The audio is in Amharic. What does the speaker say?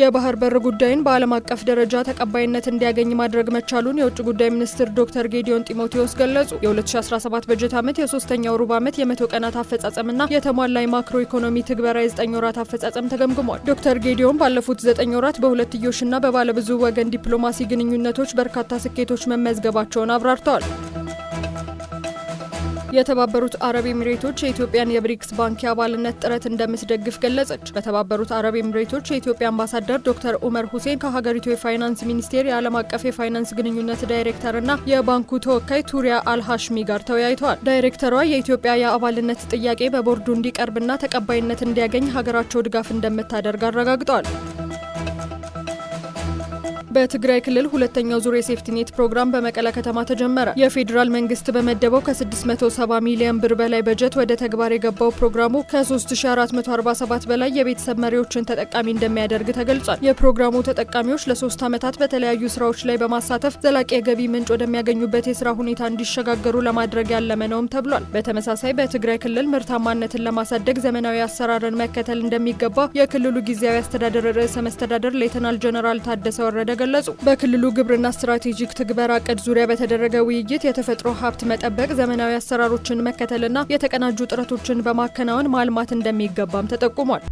የባህር በር ጉዳይን በዓለም አቀፍ ደረጃ ተቀባይነት እንዲያገኝ ማድረግ መቻሉን የውጭ ጉዳይ ሚኒስትር ዶክተር ጌዲዮን ጢሞቴዎስ ገለጹ። የ2017 በጀት ዓመት የሶስተኛው ሩብ ዓመት የመቶ ቀናት አፈጻጸምና የተሟላ ማክሮ ኢኮኖሚ ትግበራ የዘጠኝ ወራት አፈጻጸም ተገምግሟል። ዶክተር ጌዲዮን ባለፉት ዘጠኝ ወራት በሁለትዮሽና በባለብዙ ወገን ዲፕሎማሲ ግንኙነቶች በርካታ ስኬቶች መመዝገባቸውን አብራርተዋል። የተባበሩት አረብ ኤምሬቶች የኢትዮጵያን የብሪክስ ባንክ የአባልነት ጥረት እንደምትደግፍ ገለጸች። በተባበሩት አረብ ኤምሬቶች የኢትዮጵያ አምባሳደር ዶክተር ኡመር ሁሴን ከሀገሪቱ የፋይናንስ ሚኒስቴር የዓለም አቀፍ የፋይናንስ ግንኙነት ዳይሬክተርና የባንኩ ተወካይ ቱሪያ አልሃሽሚ ጋር ተወያይተዋል። ዳይሬክተሯ የኢትዮጵያ የአባልነት ጥያቄ በቦርዱ እንዲቀርብና ተቀባይነት እንዲያገኝ ሀገራቸው ድጋፍ እንደምታደርግ አረጋግጠዋል። በትግራይ ክልል ሁለተኛው ዙር የሴፍቲኔት ፕሮግራም በመቀለ ከተማ ተጀመረ። የፌዴራል መንግስት በመደበው ከ670 ሚሊዮን ብር በላይ በጀት ወደ ተግባር የገባው ፕሮግራሙ ከ3447 በላይ የቤተሰብ መሪዎችን ተጠቃሚ እንደሚያደርግ ተገልጿል። የፕሮግራሙ ተጠቃሚዎች ለሶስት ዓመታት በተለያዩ ስራዎች ላይ በማሳተፍ ዘላቂ የገቢ ምንጭ ወደሚያገኙበት የስራ ሁኔታ እንዲሸጋገሩ ለማድረግ ያለመ ነውም ተብሏል። በተመሳሳይ በትግራይ ክልል ምርታማነትን ለማሳደግ ዘመናዊ አሰራርን መከተል እንደሚገባ የክልሉ ጊዜያዊ አስተዳደር ርዕሰ መስተዳደር ሌተናል ጀነራል ታደሰ ወረደ ገለጹ። በክልሉ ግብርና ስትራቴጂክ ትግበራ እቅድ ዙሪያ በተደረገ ውይይት የተፈጥሮ ሀብት መጠበቅ፣ ዘመናዊ አሰራሮችን መከተልና የተቀናጁ ጥረቶችን በማከናወን ማልማት እንደሚገባም ተጠቁሟል።